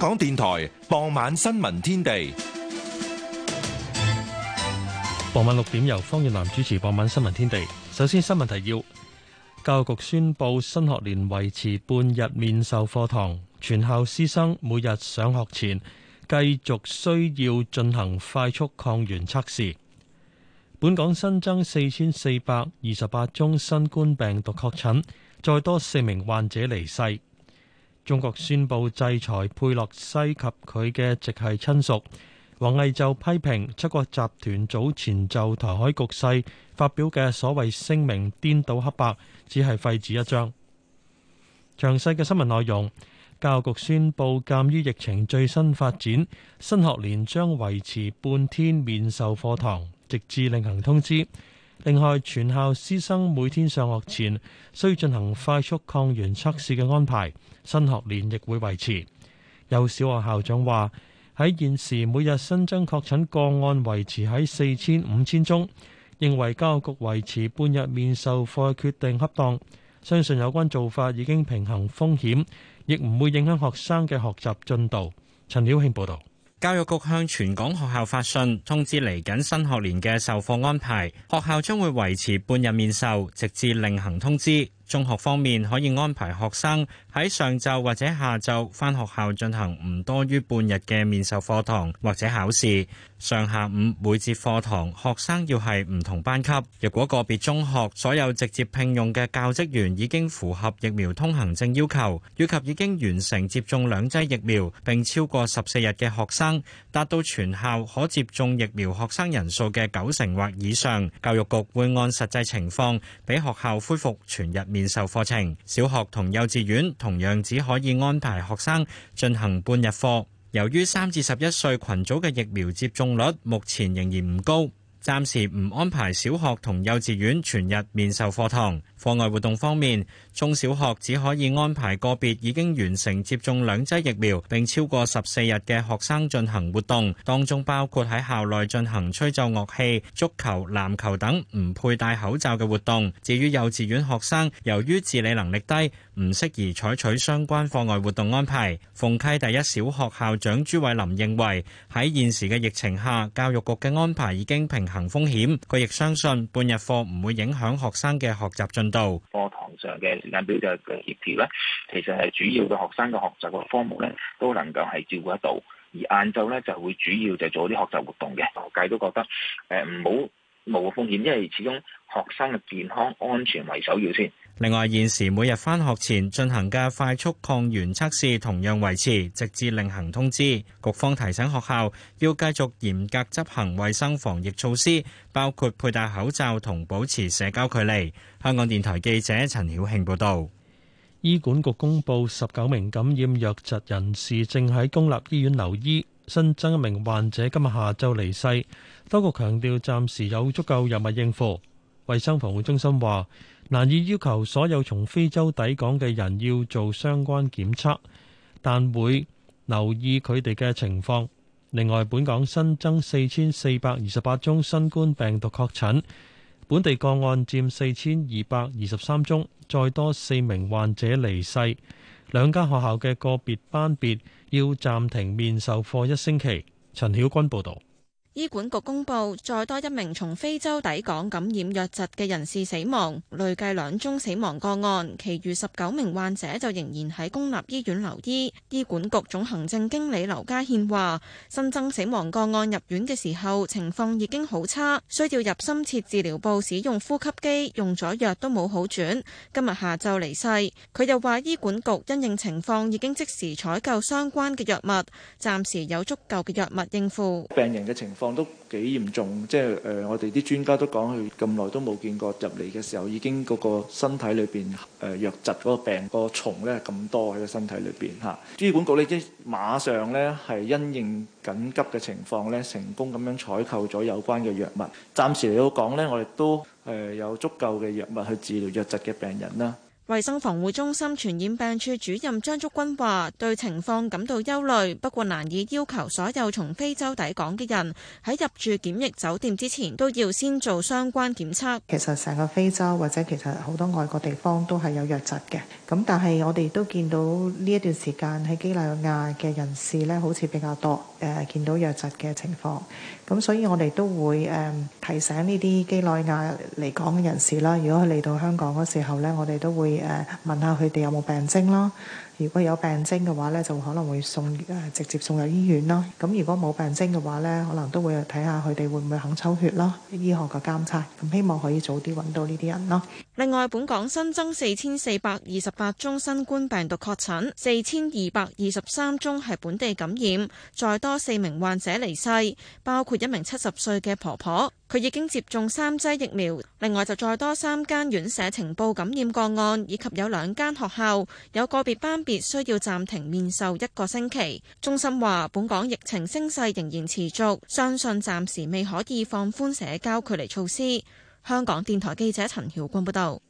香港電台傍晚新聞天地。傍晚六點由方月南主持傍晚新聞天地。首先新聞提要：教育局宣布新學年維持半日面授課堂，全校師生每日上學前繼續需要進行快速抗原測試。本港新增四千四百二十八宗新冠病毒確診，再多四名患者離世。中國宣布制裁佩洛西及佢嘅直系親屬，王毅就批評七國集團早前就台海局勢發表嘅所謂聲明顛倒黑白，只係廢紙一張。詳細嘅新聞內容，教育局宣布，鑒於疫情最新發展，新學年將維持半天面授課堂，直至另行通知。另外，全校師生每天上學前需進行快速抗原測試嘅安排，新學年亦會維持。有小學校長話，喺現時每日新增確診個案維持喺四千五千宗，認為教育局維持半日面授課嘅決定恰當，相信有關做法已經平衡風險，亦唔會影響學生嘅學習進度。陳曉慶報道。教育局向全港學校發信，通知嚟緊新學年嘅授課安排，學校將會維持半日面授，直至另行通知。中學方面，可以安排學生喺上晝或者下晝翻學校進行唔多於半日嘅面授課堂或者考試。上下午每節課堂學生要係唔同班級。若果個別中學所有直接聘用嘅教職員已經符合疫苗通行證要求，以及已經完成接種兩劑疫苗並超過十四日嘅學生，達到全校可接種疫苗學生人數嘅九成或以上，教育局會按實際情況俾學校恢復全日面面授課程，小學同幼稚園同樣只可以安排學生進行半日課。由於三至十一歲群組嘅疫苗接種率目前仍然唔高，暫時唔安排小學同幼稚園全日面授課堂。課外活動方面，中小學只可以安排個別已經完成接種兩劑疫苗並超過十四日嘅學生進行活動，當中包括喺校內進行吹奏樂器、足球、籃球等唔佩戴口罩嘅活動。至於幼稚園學生，由於自理能力低，唔適宜採取相關課外活動安排。鳳溪第一小學校長朱偉林認為，喺現時嘅疫情下，教育局嘅安排已經平衡風險。佢亦相信半日課唔會影響學生嘅學習進。到課堂上嘅時間表嘅協調咧，其實係主要嘅學生嘅學習嘅科目咧，都能夠係照顧得到。而晏晝咧就會主要就做啲學習活動嘅。學界都覺得誒唔好冒風險，因為始終學生嘅健康安全為首要先。另外，現時每日返學前進行嘅快速抗原測試同樣維持，直至另行通知。局方提醒學校要繼續嚴格執行衛生防疫措施，包括佩戴口罩同保持社交距離。香港電台記者陳曉慶報導。醫管局公布十九名感染瘧疾人士正喺公立醫院留醫，新增一名患者今日下晝離世。當局強調暫時有足夠藥物應付。衛生防護中心話。難以要求所有從非洲抵港嘅人要做相關檢測，但會留意佢哋嘅情況。另外，本港新增四千四百二十八宗新冠病毒確診，本地個案佔四千二百二十三宗，再多四名患者離世。兩間學校嘅個別班別要暫停面授課一星期。陳曉君報道。醫管局公布再多一名從非洲抵港感染瘧疾嘅人士死亡，累計兩宗死亡個案，其餘十九名患者就仍然喺公立醫院留醫。醫管局總行政經理劉家憲話：新增死亡個案入院嘅時候，情況已經好差，需要入深切治療部使用呼吸機，用咗藥都冇好轉，今日下晝離世。佢又話，醫管局因應情況已經即時採購相關嘅藥物，暫時有足夠嘅藥物應付病人嘅情況。都幾嚴重，即係誒，我哋啲專家都講，佢咁耐都冇見過入嚟嘅時候，已經嗰個身體裏邊誒瘧疾嗰個病，嗰個蟲咧咁多喺個身體裏邊嚇。醫、啊、管局咧即馬上咧係因應緊急嘅情況咧，成功咁樣採購咗有關嘅藥物。暫時嚟到講咧，我哋都誒、呃、有足夠嘅藥物去治療瘧疾嘅病人啦。啊。衛生防護中心傳染病處主任張竹君話，對情況感到憂慮，不過難以要求所有從非洲抵港嘅人喺入住檢疫酒店之前都要先做相關檢測。其實成個非洲或者其實好多外國地方都係有瘧疾嘅，咁但係我哋都見到呢一段時間喺幾內亞嘅人士呢，好似比較多誒、呃，見到瘧疾嘅情況。咁、嗯、所以我哋都會誒、呃、提醒呢啲幾內亞嚟港嘅人士啦，如果佢嚟到香港嗰時候咧，我哋都會誒、呃、問下佢哋有冇病徵咯。如果有病徵嘅話咧，就可能會送誒直接送入醫院咯。咁如果冇病徵嘅話咧，可能都會睇下佢哋會唔會肯抽血咯，醫學嘅監察。咁希望可以早啲揾到呢啲人咯。另外，本港新增四千四百二十八宗新冠病毒確診，四千二百二十三宗係本地感染，再多四名患者離世，包括一名七十歲嘅婆婆，佢已經接種三劑疫苗。另外就再多三間院舍呈報感染個案，以及有兩間學校有個別班，需要暫停面授一個星期。中心話，本港疫情升勢仍然持續，相信暫時未可以放寬社交距離措施。香港電台記者陳曉君報道。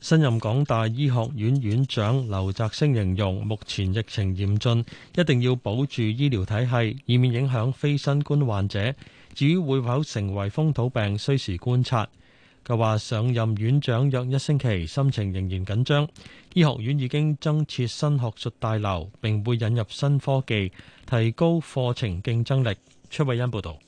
新任港大醫學院院長劉澤星形容，目前疫情嚴峻，一定要保住醫療體系，以免影響非新冠患者。至於會否成為風土病，需時觀察。佢話上任院長約一星期，心情仍然緊張。醫學院已經增設新學術大樓，並會引入新科技，提高課程競爭力。崔慧欣報導。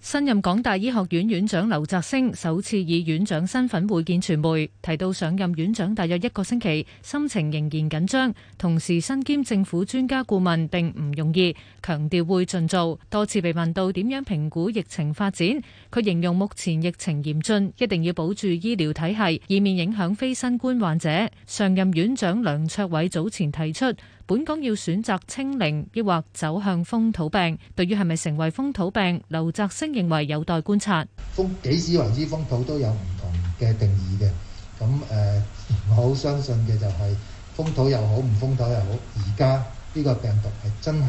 新任港大醫學院院長劉澤星首次以院長身份會見傳媒，提到上任院長大約一個星期，心情仍然緊張，同時身兼政府專家顧問並唔容易，強調會盡做。多次被問到點樣評估疫情發展，佢形容目前疫情嚴峻，一定要保住醫療體系，以免影響非新冠患者。上任院長梁卓偉早前提出。本港要選擇清零，抑或走向風土病？對於係咪成為風土病，劉澤星認為有待觀察。風幾時為之風土都有唔同嘅定義嘅，咁誒、呃，我好相信嘅就係風土又好唔風土又好，而家呢個病毒係真係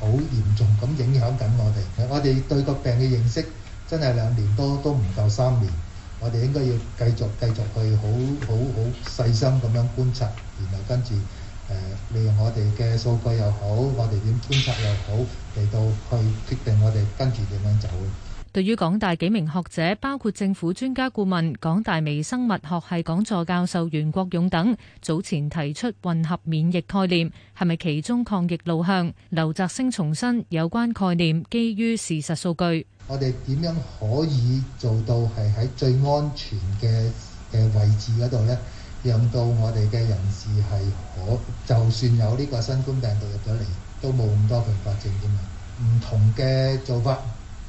好嚴重，咁影響緊我哋。我哋對個病嘅認識真係兩年多都唔夠三年，我哋應該要繼續繼續去好好好細心咁樣觀察，然後跟住。誒利用我哋嘅數據又好，我哋點觀察又好，嚟到去決定我哋跟住點樣走。對於港大幾名學者，包括政府專家顧問、港大微生物學系講座教授袁國勇等，早前提出混合免疫概念，係咪其中抗疫路向？劉澤星重申有關概念基於事實數據。我哋點樣可以做到係喺最安全嘅嘅位置嗰度呢？讓到我哋嘅人士係可，就算有呢個新冠病毒入咗嚟，都冇咁多併發症啫嘛。唔同嘅做法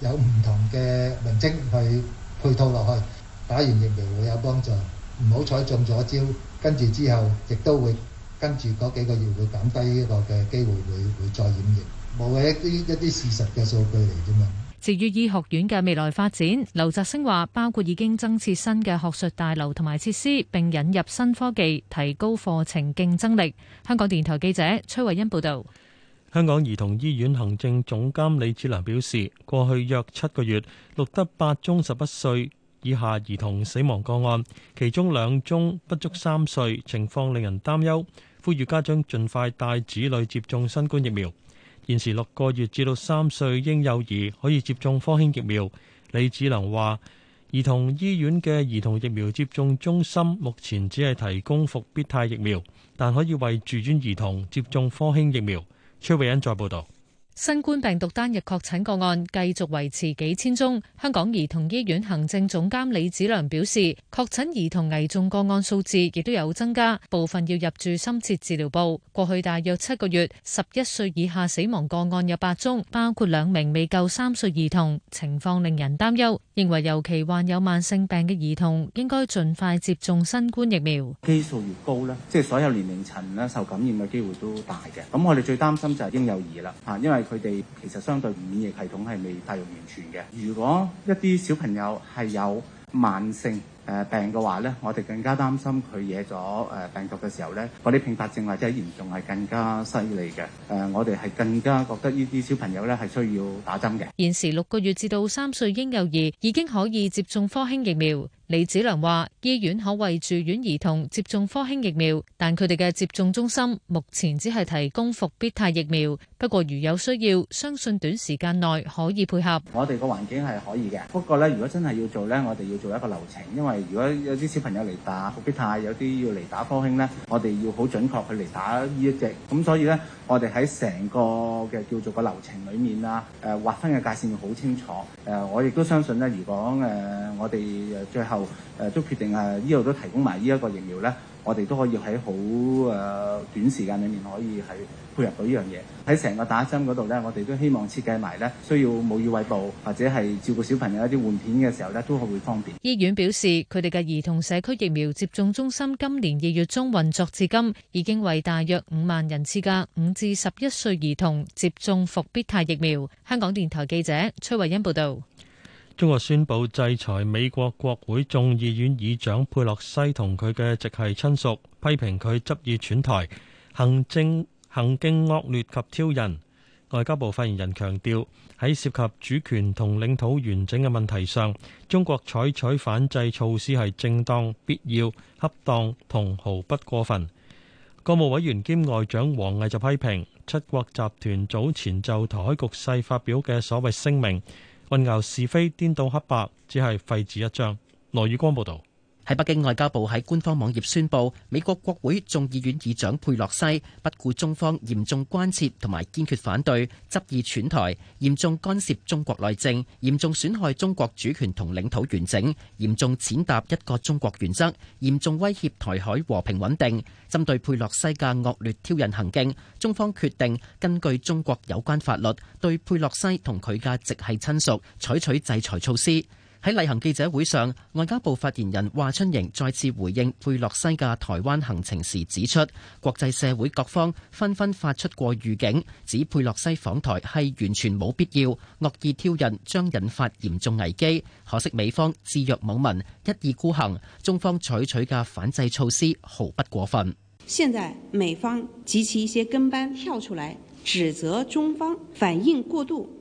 有唔同嘅名稱去配套落去，打完疫苗會有幫助。唔好彩中咗招，跟住之後亦都會跟住嗰幾個月會減低呢個嘅機會，會，會會再染疫。冇係一啲一啲事實嘅數據嚟啫嘛。至於醫學院嘅未來發展，劉澤星話：包括已經增設新嘅學術大樓同埋設施，並引入新科技，提高課程競爭力。香港電台記者崔慧欣報導。香港兒童醫院行政總監李子良表示，過去約七個月錄得八宗十一歲以下兒童死亡個案，其中兩宗不足三歲，情況令人擔憂，呼籲家長盡快帶子女接種新冠疫苗。現時六個月至到三歲嬰幼兒可以接種科興疫苗。李子良話，兒童醫院嘅兒童疫苗接種中心目前只係提供復必泰疫苗，但可以為住院兒童接種科興疫苗。崔偉恩再報道。新冠病毒單日確診個案繼續維持幾千宗。香港兒童醫院行政總監李子良表示，確診兒童危重個案數字亦都有增加，部分要入住深切治療部。過去大約七個月，十一歲以下死亡個案有八宗，包括兩名未夠三歲兒童，情況令人擔憂。認為尤其患有慢性病嘅兒童應該盡快接種新冠疫苗。基數越高呢，即係所有年齡層呢受感染嘅機會都大嘅。咁我哋最擔心就係嬰幼兒啦，吓，因為。佢哋其實相對免疫系統係未太完全嘅。如果一啲小朋友係有慢性誒病嘅話咧，我哋更加擔心佢惹咗誒病毒嘅時候咧，嗰啲併發症或者嚴重係更加犀利嘅。誒、呃，我哋係更加覺得呢啲小朋友咧係需要打針嘅。現時六個月至到三歲嬰幼兒已經可以接種科興疫苗。李子良話：醫院可為住院兒童接種科興疫苗，但佢哋嘅接種中心目前只係提供復必泰疫苗。不過如有需要，相信短時間內可以配合。我哋個環境係可以嘅，不過咧，如果真係要做咧，我哋要做一個流程，因為如果有啲小朋友嚟打復必泰，有啲要嚟打科興咧，我哋要好準確去嚟打呢一隻。咁所以咧，我哋喺成個嘅叫做個流程裡面啊，誒劃分嘅界線好清楚。誒、啊，我亦都相信咧，如果誒、啊、我哋誒最後。誒都決定啊！依度都提供埋呢一個疫苗咧，我哋都可以喺好誒短時間裏面可以係配合到呢樣嘢。喺成個打針嗰度咧，我哋都希望設計埋咧，需要母乳餵哺或者係照顧小朋友一啲換片嘅時候咧，都係會方便。醫院表示，佢哋嘅兒童社區疫苗接種中心今年二月中運作至今，已經為大約五萬人次嘅五至十一歲兒童接種復必泰疫苗。香港電台記者崔慧欣報道。中國宣布制裁美國國會眾議院議長佩洛西同佢嘅直系親屬，批評佢執意竄台，行政行徑惡劣及挑釁。外交部發言人強調，喺涉及主權同領土完整嘅問題上，中國採取反制措施係正當、必要、恰當同毫不過分。國務委員兼外長王毅就批評七國集團早前就台海局勢發表嘅所謂聲明。混淆是非、顛倒黑白，只係廢紙一張。羅宇光報道。喺北京外交部喺官方網頁宣布，美國國會眾議院議長佩洛西不顧中方嚴重關切同埋堅決反對，執意竄台，嚴重干涉中國內政，嚴重損害中國主權同領土完整，嚴重踐踏一個中國原則，嚴重威脅台海和平穩定。針對佩洛西嘅惡劣挑釁行徑，中方決定根據中國有關法律，對佩洛西同佢嘅直系親屬採取制裁措施。喺例行記者會上，外交部發言人華春瑩再次回應佩洛西嘅台灣行程時指出，國際社會各方紛紛發出過預警，指佩洛西訪台係完全冇必要，惡意挑釁，將引發嚴重危機。可惜美方置若罔聞，一意孤行，中方採取嘅反制措施毫不過分。現在美方及其一些跟班跳出來，指責中方反應過度。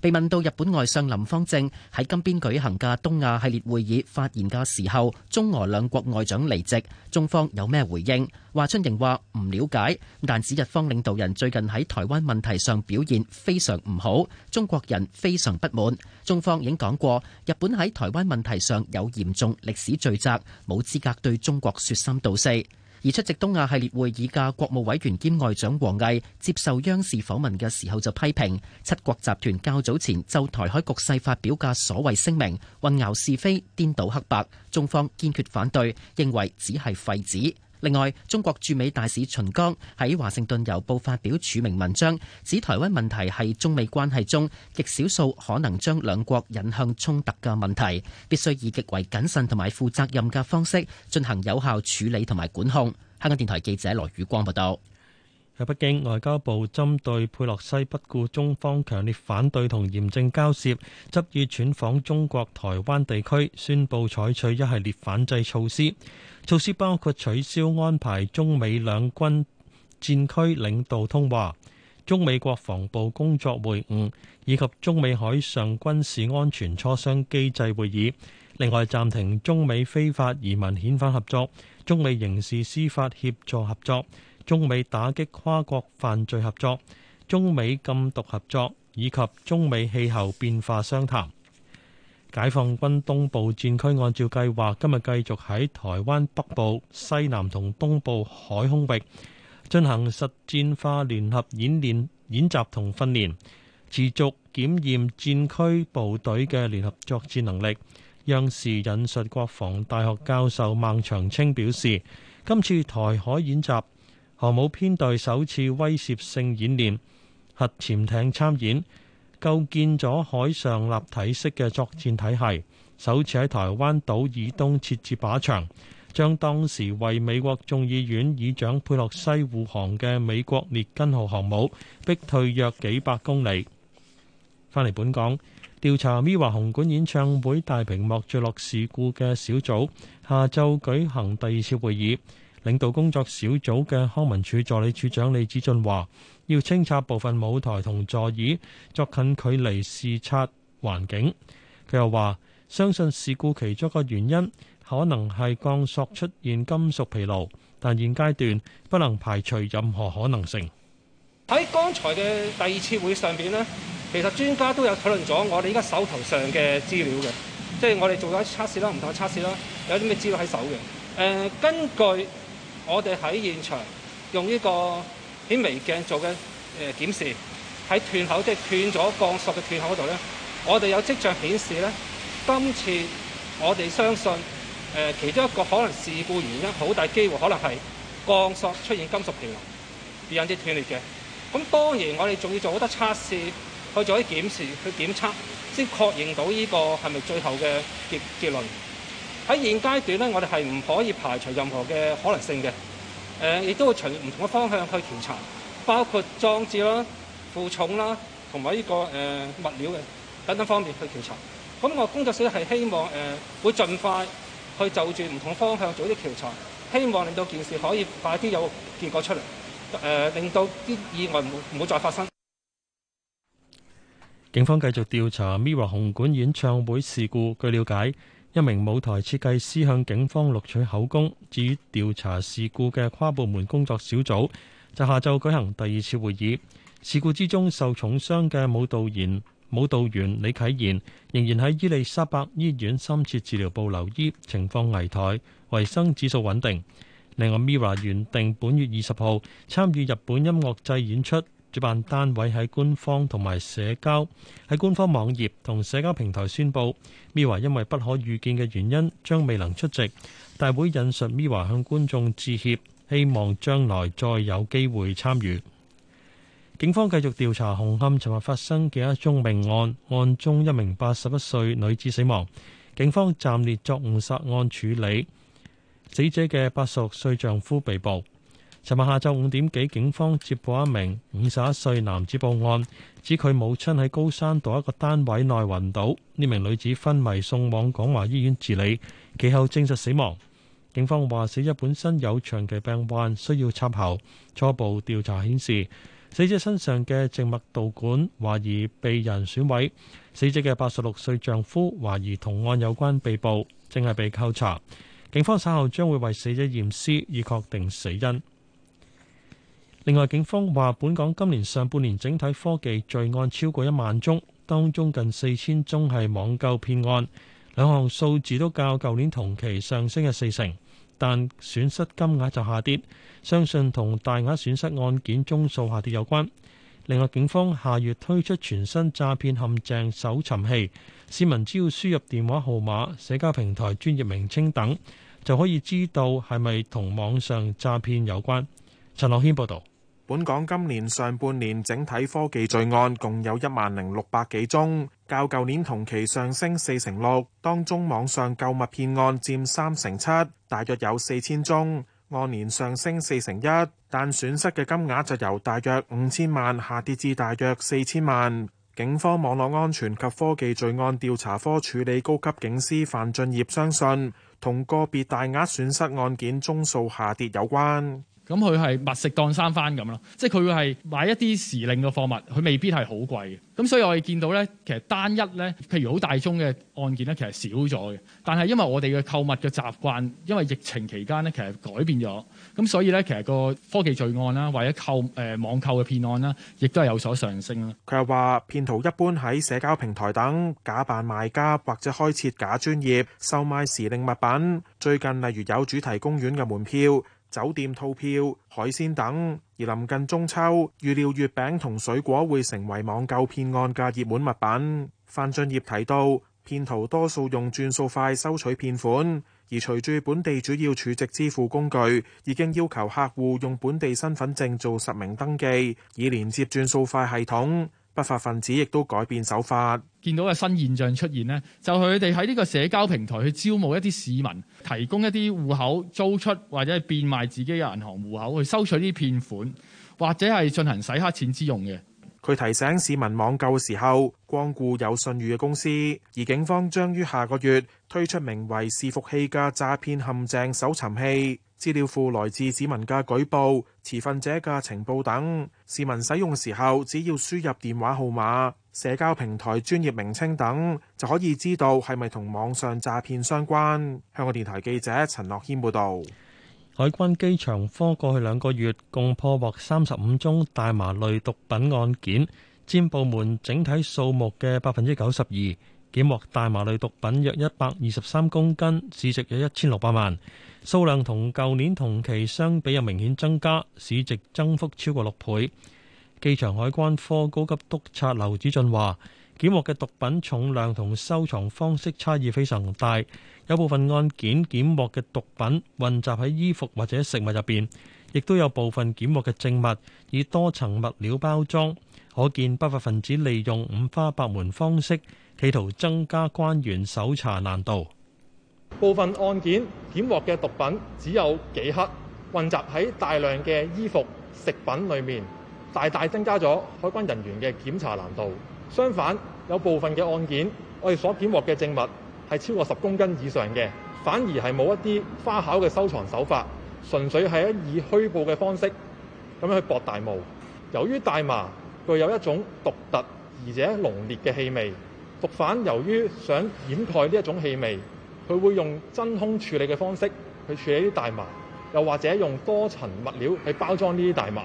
被問到日本外相林芳正喺金邊舉行嘅東亞系列會議發言嘅時候，中俄兩國外長離席，中方有咩回應？華春瑩話唔了解，但指日方領導人最近喺台灣問題上表現非常唔好，中國人非常不滿。中方已經講過，日本喺台灣問題上有嚴重歷史罪責，冇資格對中國説三道四。而出席東亞系列會議嘅國務委員兼外長王毅接受央視訪問嘅時候就批評七國集團較早前就台海局勢發表嘅所謂聲明混淆是非、顛倒黑白，中方堅決反對，認為只係廢紙。另外，中國駐美大使秦剛喺華盛頓郵報發表署名文章，指台灣問題係中美關係中極少數可能將兩國引向衝突嘅問題，必須以極為謹慎同埋負責任嘅方式進行有效處理同埋管控。香港電台記者羅宇光報道。喺北京，外交部針對佩洛西不顧中方強烈反對同嚴正交涉，執意竄訪中國台灣地區，宣布採取一系列反制措施。措施包括取消安排中美兩軍戰區領導通話，中美國防部工作會晤以及中美海上軍事安全磋商機制會議，另外暫停中美非法移民遣返合作、中美刑事司法協助合作、中美打擊跨國犯罪合作、中美禁毒合作以及中美氣候變化商談。解放軍東部戰區按照計劃，今日繼續喺台灣北部、西南同東部海空域進行實戰化聯合演練、演習同訓練，持續檢驗戰區部隊嘅聯合作戰能力。央視引述國防大學教授孟長青表示，今次台海演習航母編隊首次威懾性演練，核潛艇參演。構建咗海上立體式嘅作戰體系，首次喺台灣島以東設置靶場，將當時為美國眾議院議長佩洛西護航嘅美國列根號航母逼退約幾百公里。返嚟本港調查 MIRROR 紅館演唱會大屏幕墜落事故嘅小組，下晝舉行第二次會議。領導工作小組嘅康文署助理署長李子俊話：要清拆部分舞台同座椅，作近距離視察環境。佢又話：相信事故其中一個原因可能係鋼索出現金屬疲勞，但現階段不能排除任何可能性。喺剛才嘅第二次會上邊呢，其實專家都有討論咗我哋而家手頭上嘅資料嘅，即係我哋做咗測試啦、唔同嘅測試啦，有啲咩資料喺手嘅。誒、呃，根據。我哋喺現場用呢個顯微鏡做嘅誒、呃、檢視，喺斷口，即係斷咗鋼索嘅斷口嗰度咧，我哋有跡象顯示咧，今次我哋相信誒、呃、其中一個可能事故原因，好大機會可能係鋼索出現金屬疲勞而引致斷裂嘅。咁當然我哋仲要做好多啲測試，去做啲檢視，去檢測先確認到呢個係咪最後嘅結結論。喺現階段咧，我哋係唔可以排除任何嘅可能性嘅。誒、呃，亦都會隨住唔同嘅方向去調查，包括裝置啦、負重啦，同埋呢個誒、呃、物料嘅等等方面去調查。咁、嗯、我工作室係希望誒、呃、會盡快去就住唔同方向做啲調查，希望令到件事可以快啲有結果出嚟，誒、呃、令到啲意外唔會再發生。警方繼續調查 MIRROR 紅館演唱會事故。據了解，一名舞台設計師向警方錄取口供。至於調查事故嘅跨部門工作小組，就下晝舉行第二次會議。事故之中受重傷嘅舞蹈員、舞蹈員李啟賢，仍然喺伊利沙伯醫院深切治療部留醫，情況危殆，維生指數穩定。另外，Mira 原定本月二十號參與日本音樂祭演出。主辦單位喺官方同埋社交喺官方網頁同社交平台宣布，MIRROR 因為不可預見嘅原因將未能出席大會，引述 MIRROR 向觀眾致歉，希望將來再有機會參與。警方繼續調查紅磡尋日發生嘅一宗命案，案中一名八十一歲女子死亡，警方暫列作誤殺案處理，死者嘅八十六歲丈夫被捕。尋日下晝五點幾，警方接報一名五十一歲男子報案，指佢母親喺高山道一個單位內暈倒，呢名女子昏迷送往廣華醫院治理，其後證實死亡。警方話，死者本身有長期病患需要插喉。初步調查顯示，死者身上嘅靜脈導管懷疑被人損毀。死者嘅八十六歲丈夫懷疑同案有關，被捕正係被扣查。警方稍後將會為死者驗屍，以確定死因。另外，警方話本港今年上半年整體科技罪案超過一萬宗，當中近四千宗係網購騙案，兩項數字都較舊年同期上升咗四成，但損失金額就下跌，相信同大額損失案件宗數下跌有關。另外，警方下月推出全新詐騙陷阱搜尋器，市民只要輸入電話號碼、社交平台專業名稱等，就可以知道係咪同網上詐騙有關。陳樂軒報道，本港今年上半年整體科技罪案共有一萬零六百幾宗，較舊年同期上升四成六。當中網上購物騙案佔三成七，大約有四千宗，按年上升四成一。但損失嘅金額就由大約五千萬下跌至大約四千萬。警方網絡安全及科技罪案調查科處理高級警司范俊業相信，同個別大額損，損失案件宗數下跌有關。咁佢係物食當生翻咁咯，即係佢會係買一啲時令嘅貨物，佢未必係好貴嘅。咁所以我哋見到咧，其實單一咧，譬如好大宗嘅案件咧，其實少咗嘅。但係因為我哋嘅購物嘅習慣，因為疫情期間咧，其實改變咗。咁所以咧，其實個科技罪案啦，或者購誒網購嘅騙案啦，亦都係有所上升啊。佢又話騙徒一般喺社交平台等假扮賣家，或者開設假專業，售賣時令物品。最近例如有主題公園嘅門票。酒店套票、海鮮等，而臨近中秋，預料月餅同水果會成為網購騙案嘅熱門物品。范俊業提到，騙徒多數用轉數快收取騙款，而隨住本地主要儲值支付工具已經要求客戶用本地身份證做實名登記，以連接轉數快系統。不法分子亦都改變手法，見到嘅新現象出現呢，就佢哋喺呢個社交平台去招募一啲市民，提供一啲戶口租出，或者係變賣自己嘅銀行戶口去收取啲騙款，或者係進行洗黑錢之用嘅。佢提醒市民網購嘅時候，光顧有信譽嘅公司。而警方將於下個月推出名為視伺器嘅詐騙陷阱搜尋器。資料庫來自市民嘅舉報、持份者嘅情報等。市民使用時候，只要輸入電話號碼、社交平台專業名稱等，就可以知道係咪同網上詐騙相關。香港電台記者陳樂軒報導。海關機場科過去兩個月共破獲三十五宗大麻類毒品案件，佔部門整體數目嘅百分之九十二。檢獲大麻類毒品約一百二十三公斤，市值有一千六百萬，數量同舊年同期相比有明顯增加，市值增幅超過六倍。機場海關科高級督察劉子俊話：檢獲嘅毒品重量同收藏方式差異非常大，有部分案件檢獲嘅毒品混雜喺衣服或者食物入邊，亦都有部分檢獲嘅證物以多層物料包裝，可見不法分子利用五花八門方式，企圖增加關員搜查難度。部分案件檢獲嘅毒品只有幾克，混雜喺大量嘅衣服、食品裏面，大大增加咗海關人員嘅檢查難度。相反，有部分嘅案件，我哋所檢獲嘅證物係超過十公斤以上嘅，反而係冇一啲花巧嘅收藏手法，純粹係以虛報嘅方式咁樣去博大霧。由於大麻具有一種獨特而且濃烈嘅氣味。毒販由於想掩蓋呢一種氣味，佢會用真空處理嘅方式去處理啲大麻，又或者用多層物料去包裝呢啲大麻。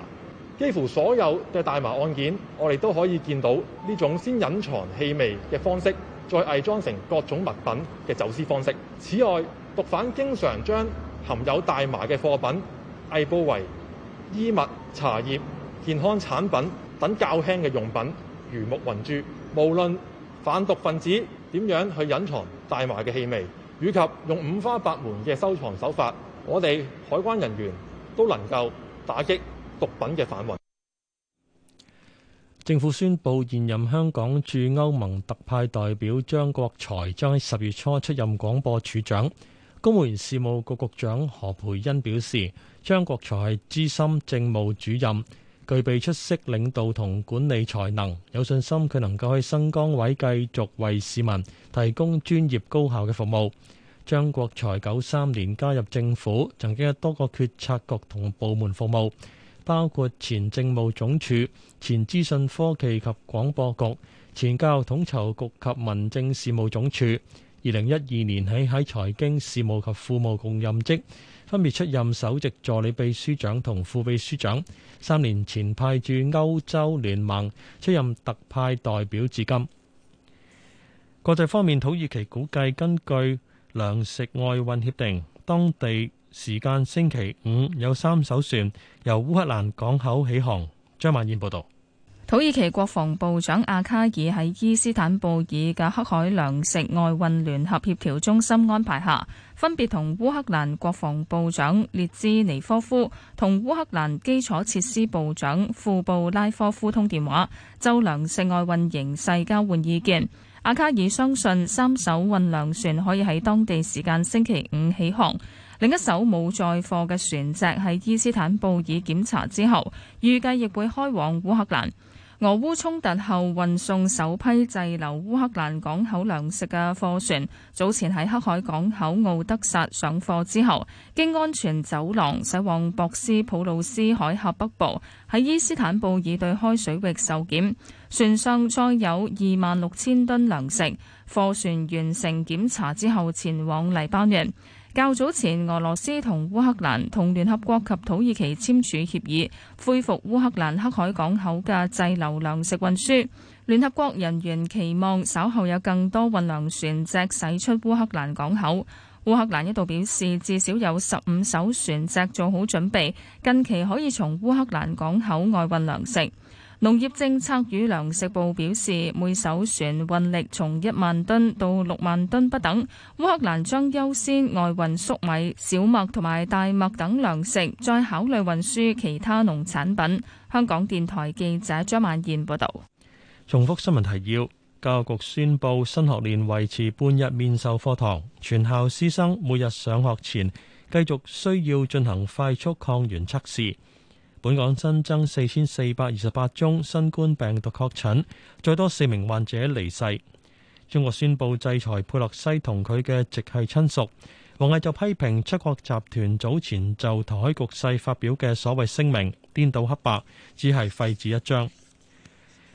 幾乎所有嘅大麻案件，我哋都可以見到呢種先隱藏氣味嘅方式，再偽裝成各種物品嘅走私方式。此外，毒販經常將含有大麻嘅貨品偽報為衣物、茶葉、健康產品等較輕嘅用品，魚目混珠。無論販毒分子點樣去隱藏大麻嘅氣味，以及用五花八門嘅收藏手法，我哋海關人員都能夠打擊毒品嘅範圍。政府宣布現任香港駐歐盟特派代表張國才將喺十月初出任廣播處長，公務員事務局,局局長何培恩表示，張國才係資深政務主任。具備出色領導同管理才能，有信心佢能夠喺新崗位繼續為市民提供專業高效嘅服務。張國才九三年加入政府，曾經喺多個決策局同部門服務，包括前政務總署、前資訊科技及廣播局、前教育統籌局及民政事務總署。二零一二年起喺財經事務及庫務局任職。分別出任首席助理秘書長同副秘書長，三年前派駐歐洲聯盟出任特派代表至今。國際方面，土耳其估計根據糧食外運協定，當地時間星期五有三艘船由烏克蘭港口起航。張曼燕報導。土耳其國防部長阿卡爾喺伊斯坦布爾嘅黑海糧食外運聯合協調中心安排下，分別同烏克蘭國防部長列茲尼科夫同烏克蘭基礎設施部長庫布拉科夫通電話，就糧食外運形勢交換意見。阿卡爾相信三艘運糧船可以喺當地時間星期五起航，另一艘冇載貨嘅船隻喺伊斯坦布爾檢查之後，預計亦會開往烏克蘭。俄烏衝突後運送首批滯留烏克蘭港口糧食嘅貨船，早前喺黑海港口敖德薩上貨之後，經安全走廊駛往博斯普魯斯海峽北部，喺伊斯坦布爾對開水域受檢。船上載有二萬六千噸糧食，貨船完成檢查之後前往黎巴嫩。較早前，俄羅斯同烏克蘭同聯合國及土耳其簽署協議，恢復烏克蘭黑海港口嘅滯留糧食運輸。聯合國人員期望稍後有更多運糧船隻駛出烏克蘭港口。烏克蘭一度表示，至少有十五艘船隻做好準備，近期可以從烏克蘭港口外運糧食。農業政策與糧食部表示，每艘船運力從一萬噸到六萬噸不等。烏克蘭將優先外運粟米、小麥同埋大麥等糧食，再考慮運輸其他農產品。香港電台記者張曼燕報道。重複新聞提要：教育局宣布新學年維持半日面授課堂，全校師生每日上學前繼續需要進行快速抗原測試。本港新增四千四百二十八宗新冠病毒確診，再多四名患者離世。中國宣布制裁佩洛西同佢嘅直系親屬。王毅就批評七國集團早前就台海局勢發表嘅所謂聲明顛倒黑白，只係廢紙一張。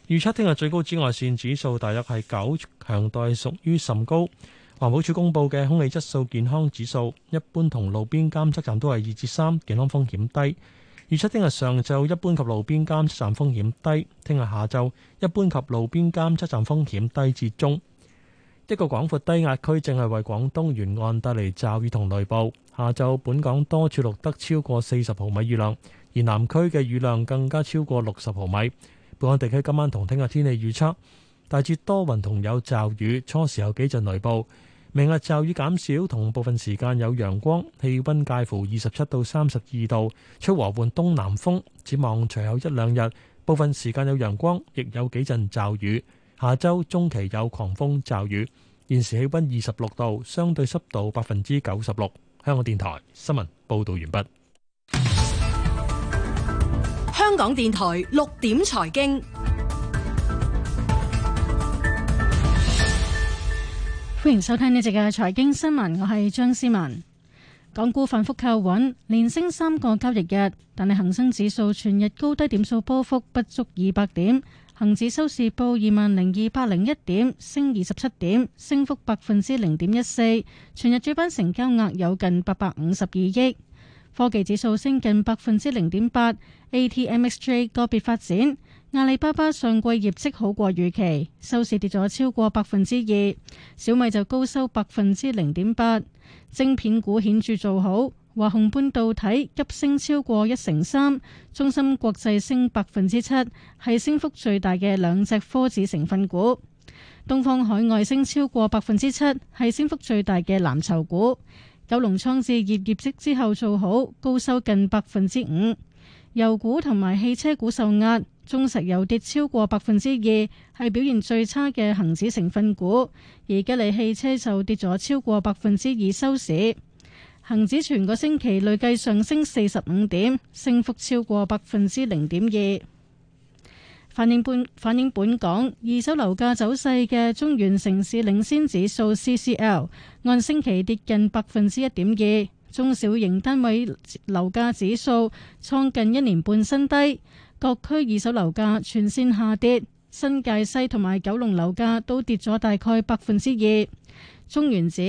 預測聽日最高紫外線指數大約係九，強度屬於甚高。環保署公布嘅空氣質素健康指數一般，同路邊監測站都係二至三，3, 健康風險低。預測聽日上晝一般及路邊監測站風險低，聽日下晝一般及路邊監測站風險低至中。一個廣闊低壓區正係為廣東沿岸帶嚟驟雨同雷暴。下晝本港多處錄得超過四十毫米雨量，而南區嘅雨量更加超過六十毫米。本港地區今晚同聽日天氣預測大致多雲同有驟雨，初時有幾陣雷暴。明日驟雨減少，同部分時間有陽光，氣溫介乎二十七到三十二度，吹和緩東南風。展望隨後一兩日，部分時間有陽光，亦有幾陣驟雨。下周中期有狂風驟雨。現時氣溫二十六度，相對濕度百分之九十六。香港電台新聞報道完畢。香港電台六點財經。歡迎收聽呢集嘅財經新聞，我係張思文。港股反覆靠穩，連升三個交易日，但係恒生指數全日高低點數波幅不足二百點，恒指收市報二萬零二百零一點，升二十七點，升幅百分之零點一四。全日主板成交額有近八百五十二億，科技指數升近百分之零點八。ATMXJ 個別發展。阿里巴巴上季業績好過預期，收市跌咗超過百分之二。小米就高收百分之零點八。晶片股顯著做好，華虹半導體急升超過一成三。中芯國際升百分之七，係升幅最大嘅兩隻科指成分股。東方海外升超過百分之七，係升幅最大嘅藍籌股。九龍倉置業業績之後做好，高收近百分之五。油股同埋汽車股受壓。中石油跌超過百分之二，係表現最差嘅恒指成分股。而吉利汽車就跌咗超過百分之二收市。恒指全個星期累計上升四十五點，升幅超過百分之零點二。反映本反映本港二手樓價走勢嘅中原城市領先指數 CCL，按星期跌近百分之一點二。中小型單位樓價指數創近一年半新低。各區二手樓價全線下跌，新界西同埋九龍樓價都跌咗大概百分之二。中原指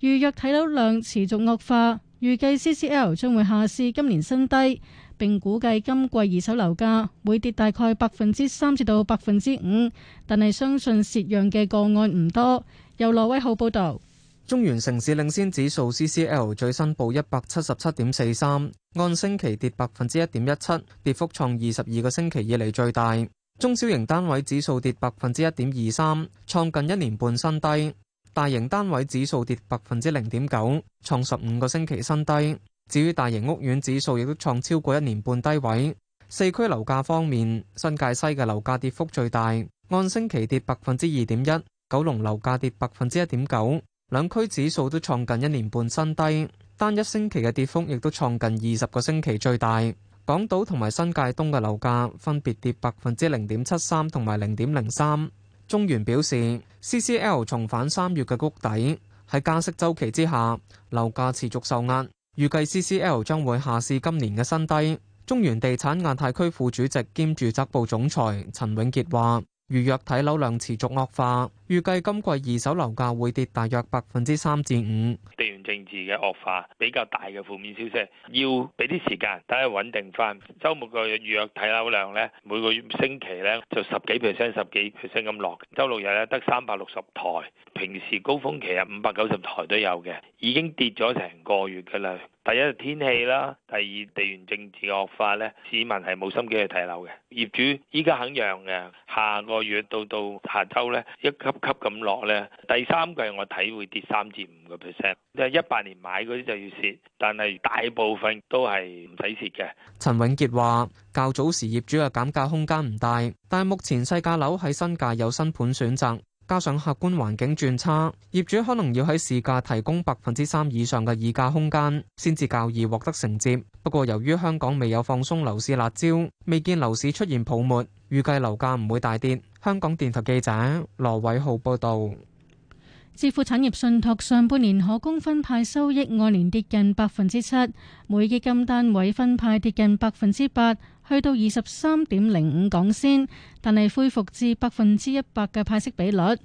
預約睇樓量持續惡化，預計 CCL 將會下試今年新低，並估計今季二手樓價會跌大概百分之三至到百分之五，但係相信蝕讓嘅個案唔多。由羅威浩報導。中原城市領先指數 （CCL） 最新報一百七十七點四三，按星期跌百分之一點一七，跌幅創二十二個星期以嚟最大。中小型單位指數跌百分之一點二三，創近一年半新低；大型單位指數跌百分之零點九，創十五個星期新低。至於大型屋苑指數亦都創超過一年半低位。四區樓價方面，新界西嘅樓價跌幅最大，按星期跌百分之二點一；九龍樓價跌百分之一點九。兩區指數都創近一年半新低，單一星期嘅跌幅亦都創近二十個星期最大。港島同埋新界東嘅樓價分別跌百分之零點七三同埋零點零三。中原表示，CCL 重返三月嘅谷底，喺加息周期之下，樓價持續受壓，預計 CCL 將會下試今年嘅新低。中原地產亞太區副主席兼住宅部總裁陳永傑話。預約睇樓量持續惡化，預計今季二手樓價會跌大約百分之三至五。自嘅惡化比較大嘅負面消息，要俾啲時間大家穩定翻。周末個預約睇樓量咧，每個星期咧就十幾 percent、十幾 percent 咁落。周六日咧得三百六十台，平時高峰期啊五百九十台都有嘅，已經跌咗成個月嘅啦。第一係天氣啦，第二地緣政治惡化咧，市民係冇心機去睇樓嘅。業主依家肯讓嘅，下個月到到下周咧一級級咁落咧，第三季我睇會跌三至五個 percent，即係一百。八年買嗰啲就要蝕，但係大部分都係唔使蝕嘅。陳永傑話：較早時業主嘅減價空間唔大，但係目前細價樓喺新界有新盤選擇，加上客觀環境轉差，業主可能要喺市價提供百分之三以上嘅議價空間，先至較易獲得承接。不過由於香港未有放鬆樓市辣招，未見樓市出現泡沫，預計樓價唔會大跌。香港電台記者羅偉浩報道。置富產業信託上半年可供分派收益按年跌近百分之七，每基金單位分派跌近百分之八，去到二十三點零五港仙，但係恢復至百分之一百嘅派息比率。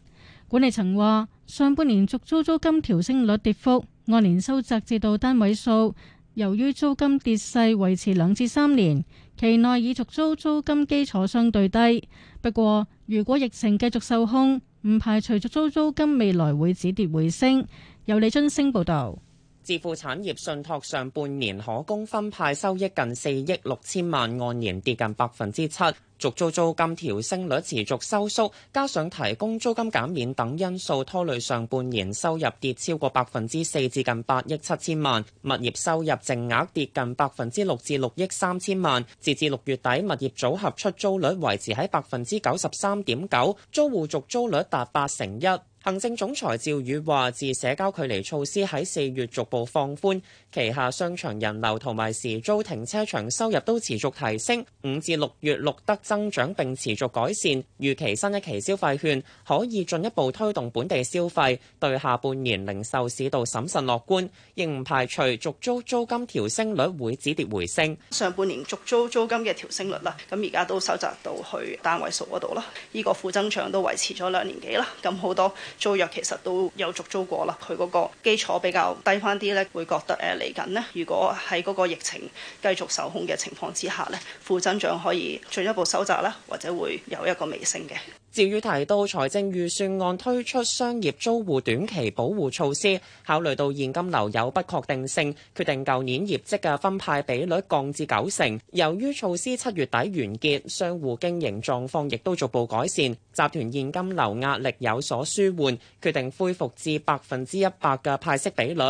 管理層話：上半年續租租金調升率跌幅按年收窄至到單位數，由於租金跌勢維持兩至三年，期內以續租租金基礎相對低。不過，如果疫情繼續受控，唔排除續租租金未來會止跌回升。有李津星報道。置富產業信託上半年可供分派收益近四億六千萬，按年跌近百分之七。續租租金調升率持續收縮，加上提供租金減免等因素拖累，上半年收入跌超過百分之四，至近八億七千萬。物業收入淨額跌近百分之六，至六億三千萬。截至六月底，物業組合出租率維持喺百分之九十三點九，租戶續租率達八成一。行政總裁趙宇話自社交距離措施喺四月逐步放寬旗下商場人流同埋時租停車場收入都持續提升，五至六月錄得增長並持續改善。預期新一期消費券可以進一步推動本地消費對下半年零售市道審慎樂觀，仍唔排除續租租金調升率會止跌回升。上半年續租租金嘅調升率啦，咁而家都收窄到去單位數嗰度啦，呢、這個負增長都維持咗兩年幾啦，咁好多。租約其實都有續租過啦，佢嗰個基礎比較低返啲呢，會覺得誒嚟緊呢，如果喺嗰個疫情繼續受控嘅情況之下呢，負增長可以進一步收窄啦，或者會有一個微升嘅。至於提到，財政預算案推出商業租戶短期保護措施，考慮到現金流有不確定性，決定舊年業績嘅分派比率降至九成。由於措施七月底完結，商戶經營狀況亦都逐步改善，集團現金流壓力有所舒緩，決定恢復至百分之一百嘅派息比率。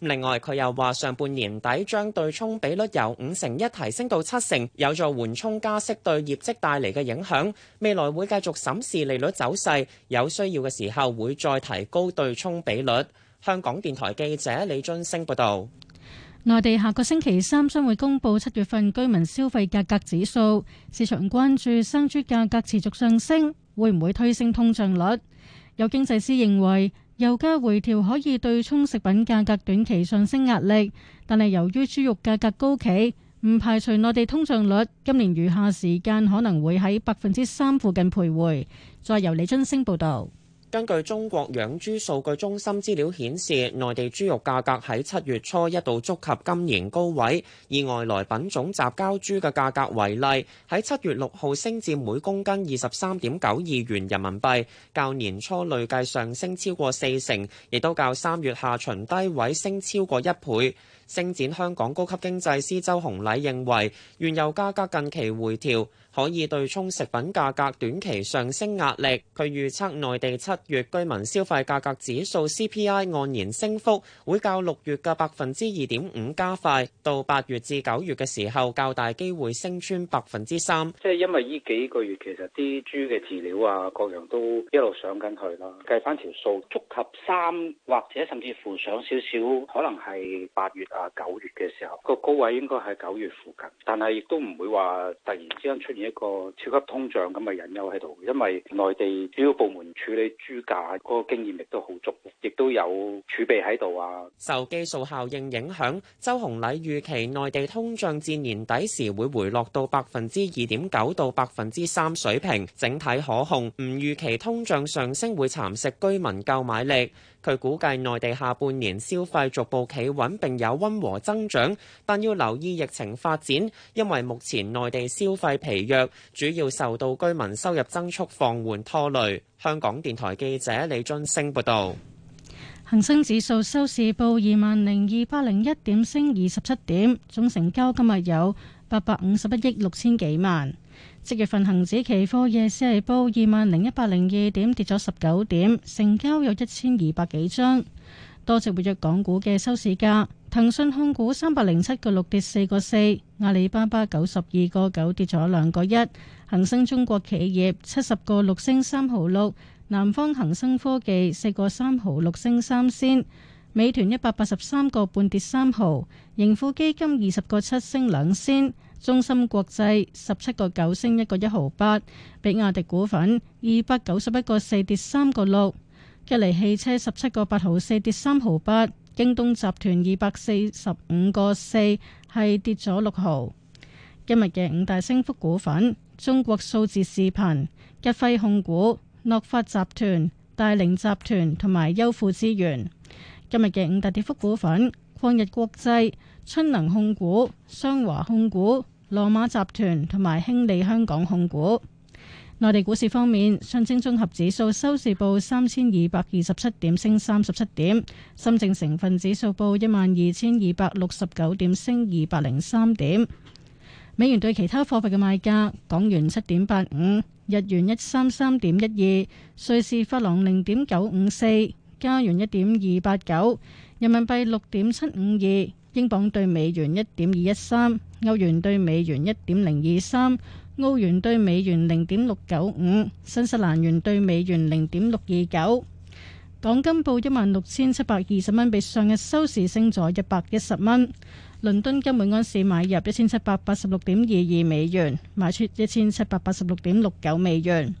另外，佢又話：上半年底將對沖比率由五成一提升到七成，有助緩衝加息對業績帶嚟嘅影響。未來會繼續審視利率走勢，有需要嘅時候會再提高對沖比率。香港電台記者李津升報道。內地下個星期三將會公布七月份居民消費價格指數，市場關注生豬價格持續上升會唔會推升通脹率。有經濟師認為，油價回調可以對沖食品價格短期上升壓力，但係由於豬肉價格高企，唔排除內地通脹率今年餘下時間可能會喺百分之三附近徘徊。再由李津升報導。根據中國養豬數據中心資料顯示，內地豬肉價格喺七月初一度觸及今年高位，以外來品種雜交豬嘅價格為例，喺七月六號升至每公斤二十三點九二元人民幣，較年初累計上升超過四成，亦都較三月下旬低位升超過一倍。星展香港高級經濟師周紅禮認為，原油價格近期回調可以對沖食品價格短期上升壓力。佢預測內地七月居民消費價格指數 CPI 按年升幅會較六月嘅百分之二點五加快，到八月至九月嘅時候較大機會升穿百分之三。即係因為呢幾個月其實啲豬嘅飼料啊各樣都一路上緊佢啦，計返條數觸及三或者甚至乎上少少，可能係八月。啊！九月嘅時候個高位應該係九月附近，但係亦都唔會話突然之間出現一個超級通脹咁嘅隱憂喺度，因為內地主要部門處理豬價嗰個經驗力都好足，亦都有儲備喺度啊。受基數效應影響，周鴻禮預期內地通脹至年底時會回落到百分之二點九到百分之三水平，整體可控，唔預期通脹上升會蠶食居民購買力。佢估計內地下半年消費逐步企穩並有望溫和增長，但要留意疫情發展，因為目前內地消費疲弱，主要受到居民收入增速放緩拖累。香港電台記者李津升報道，恒生指數收市報二萬零二百零一點，升二十七點，總成交今日有八百五十一億六千幾萬。即月份恒指期貨夜市係報二萬零一百零二點，跌咗十九點，成交有一千二百幾張，多隻活躍港股嘅收市價。騰訊控股三百零七個六跌四個四，阿里巴巴九十二個九跌咗兩個一，恒生中國企業七十個六升三毫六，南方恒生科技四個三毫六升三仙，美團一百八十三個半跌三毫，盈富基金二十個七升兩仙，中芯國際十七個九升一個一毫八，比亞迪股份二百九十一個四跌三個六，吉利汽車十七個八毫四跌三毫八。京東集團二百四十五個四係跌咗六毫。今日嘅五大升幅股份：中國數字視頻、日輝控股、諾發集團、大凌集團同埋優富資源。今日嘅五大跌幅股份：曠日國際、春能控股、雙華控股、羅馬集團同埋興利香港控股。內地股市方面，上證綜合指數收市報三千二百二十七點，升三十七點；深證成分指數報一萬二千二百六十九點，升二百零三點。美元對其他貨幣嘅賣價：港元七點八五，日元一三三點一二，瑞士法郎零點九五四，加元一點二八九，人民幣六點七五二，英鎊兌美元一點二一三，歐元兌美元一點零二三。歐元兌美元零點六九五，新西蘭元兌美元零點六二九，港金報一萬六千七百二十蚊，比上日收市升咗一百一十蚊。倫敦金每安士買入一千七百八十六點二二美元，賣出一千七百八十六點六九美元。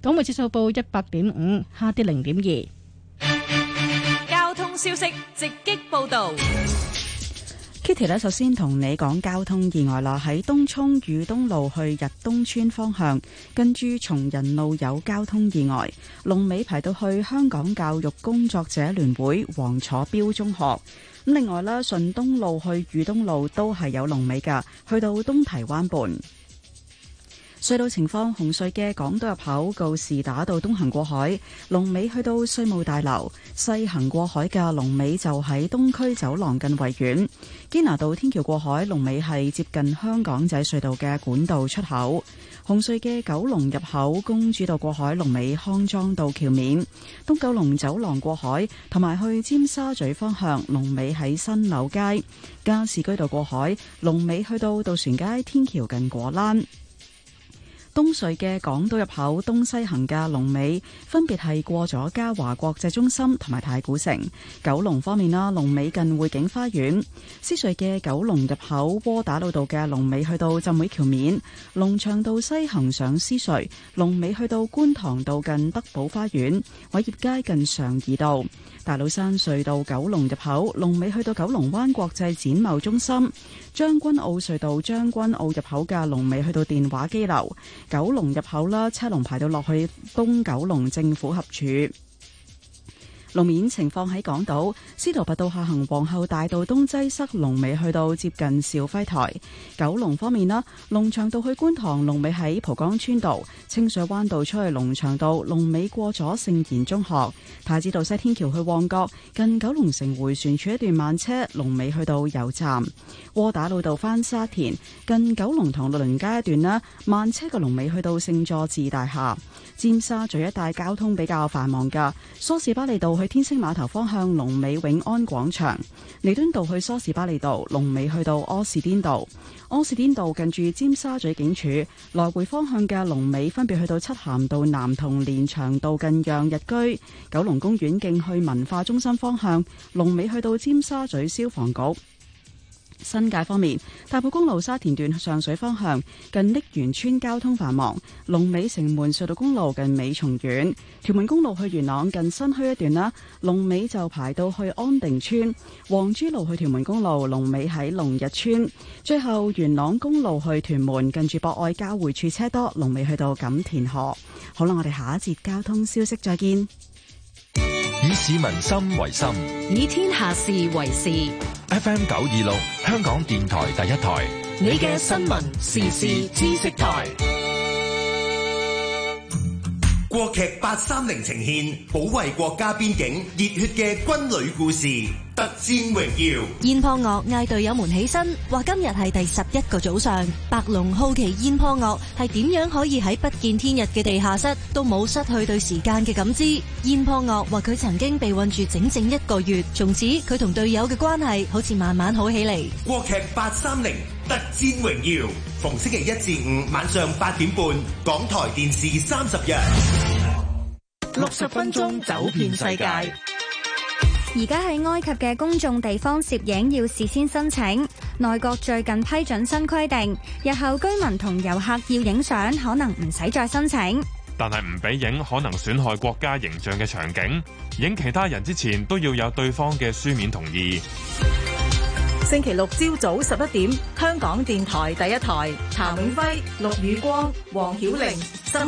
港匯指數報一百點五，下跌零點二。交通消息，直擊報道。Kitty，首先同你講交通意外啦，喺東涌裕東路去日東村方向，跟住松仁路有交通意外，龍尾排到去香港教育工作者聯會黃楚標中學。咁另外咧，順東路去裕東路都係有龍尾噶，去到東堤灣畔。隧道情況：紅隧嘅港島入口告士打道東行過海，龍尾去到稅務大樓；西行過海嘅龍尾就喺東區走廊近維園。堅拿道天橋過海龍尾係接近香港仔隧道嘅管道出口。紅隧嘅九龍入口公主道過海龍尾康莊道橋面，東九龍走廊過海同埋去尖沙咀方向龍尾喺新柳街。加士居道過海龍尾去到渡船街天橋近果欄。東隧嘅港島入口東西行嘅龍尾分別係過咗嘉華國際中心同埋太古城。九龍方面啦，啊，龍尾近匯景花園。獅隧嘅九龍入口窩打老道嘅龍尾去到浸會橋面。龍翔道西行上獅隧，龍尾去到觀塘道近德寶花園，偉業街近常怡道。大老山隧道九龍入口，龍尾去到九龍灣國際展貿中心；將軍澳隧道將軍澳入口嘅龍尾去到電話機樓；九龍入口啦，車龍排到落去東九龍政府合署。路面情況喺港島，司徒拔道下行皇后大道東擠塞，龍尾去到接近兆輝台。九龍方面啦，龍翔道去觀塘，龍尾喺蒲崗村道；清水灣道出去龍翔道，龍尾過咗聖賢中學。太子道西天橋去旺角，近九龍城迴旋處一段慢車，龍尾去到油站。窩打老道翻沙田，近九龍塘六聯街一段啦，慢車嘅龍尾去到聖佐治大廈。尖沙咀一帶交通比較繁忙㗎，梳士巴利道去天星碼頭方向，龍尾永安廣場；彌敦道去梳士巴利道，龍尾去到柯士甸道。柯士甸道近住尖沙咀警署，來回方向嘅龍尾分別去到漆咸道南同連翔道近漾日居、九龍公園徑去文化中心方向，龍尾去到尖沙咀消防局。新界方面，大埔公路沙田段上水方向近瀝源村交通繁忙；龍尾城門隧道公路近美松苑；屯門公路去元朗近新墟一段啦，龍尾就排到去安定村；黃珠路去屯門公路龍尾喺龍日村；最後元朗公路去屯門近住博愛交匯處車多，龍尾去到錦田河。好啦，我哋下一節交通消息再見。以市民心為心，以天下事為事。FM 九二六，香港電台第一台，你嘅新聞時事知識台。國劇八三零呈現：保衛國家邊境熱血嘅軍旅故事。《特戰榮耀》燕破岳嗌隊友們起身，話今日係第十一個早上。白龍好奇燕破岳係點樣可以喺不見天日嘅地下室都冇失去對時間嘅感知。燕破岳話佢曾經被困住整整一個月，從此佢同隊友嘅關係好似慢慢好起嚟。國劇八三零《特戰榮耀》，逢星期一至五晚上八點半，港台電視三十日，六十分鐘走遍世界。而家喺埃及嘅公眾地方攝影要事先申請，內閣最近批准新規定，日後居民同遊客要影相可能唔使再申請，但係唔俾影可能損害國家形象嘅場景，影其他人之前都要有對方嘅書面同意。星期六朝早十一點，香港電台第一台，譚永輝、陸宇光、黃曉玲。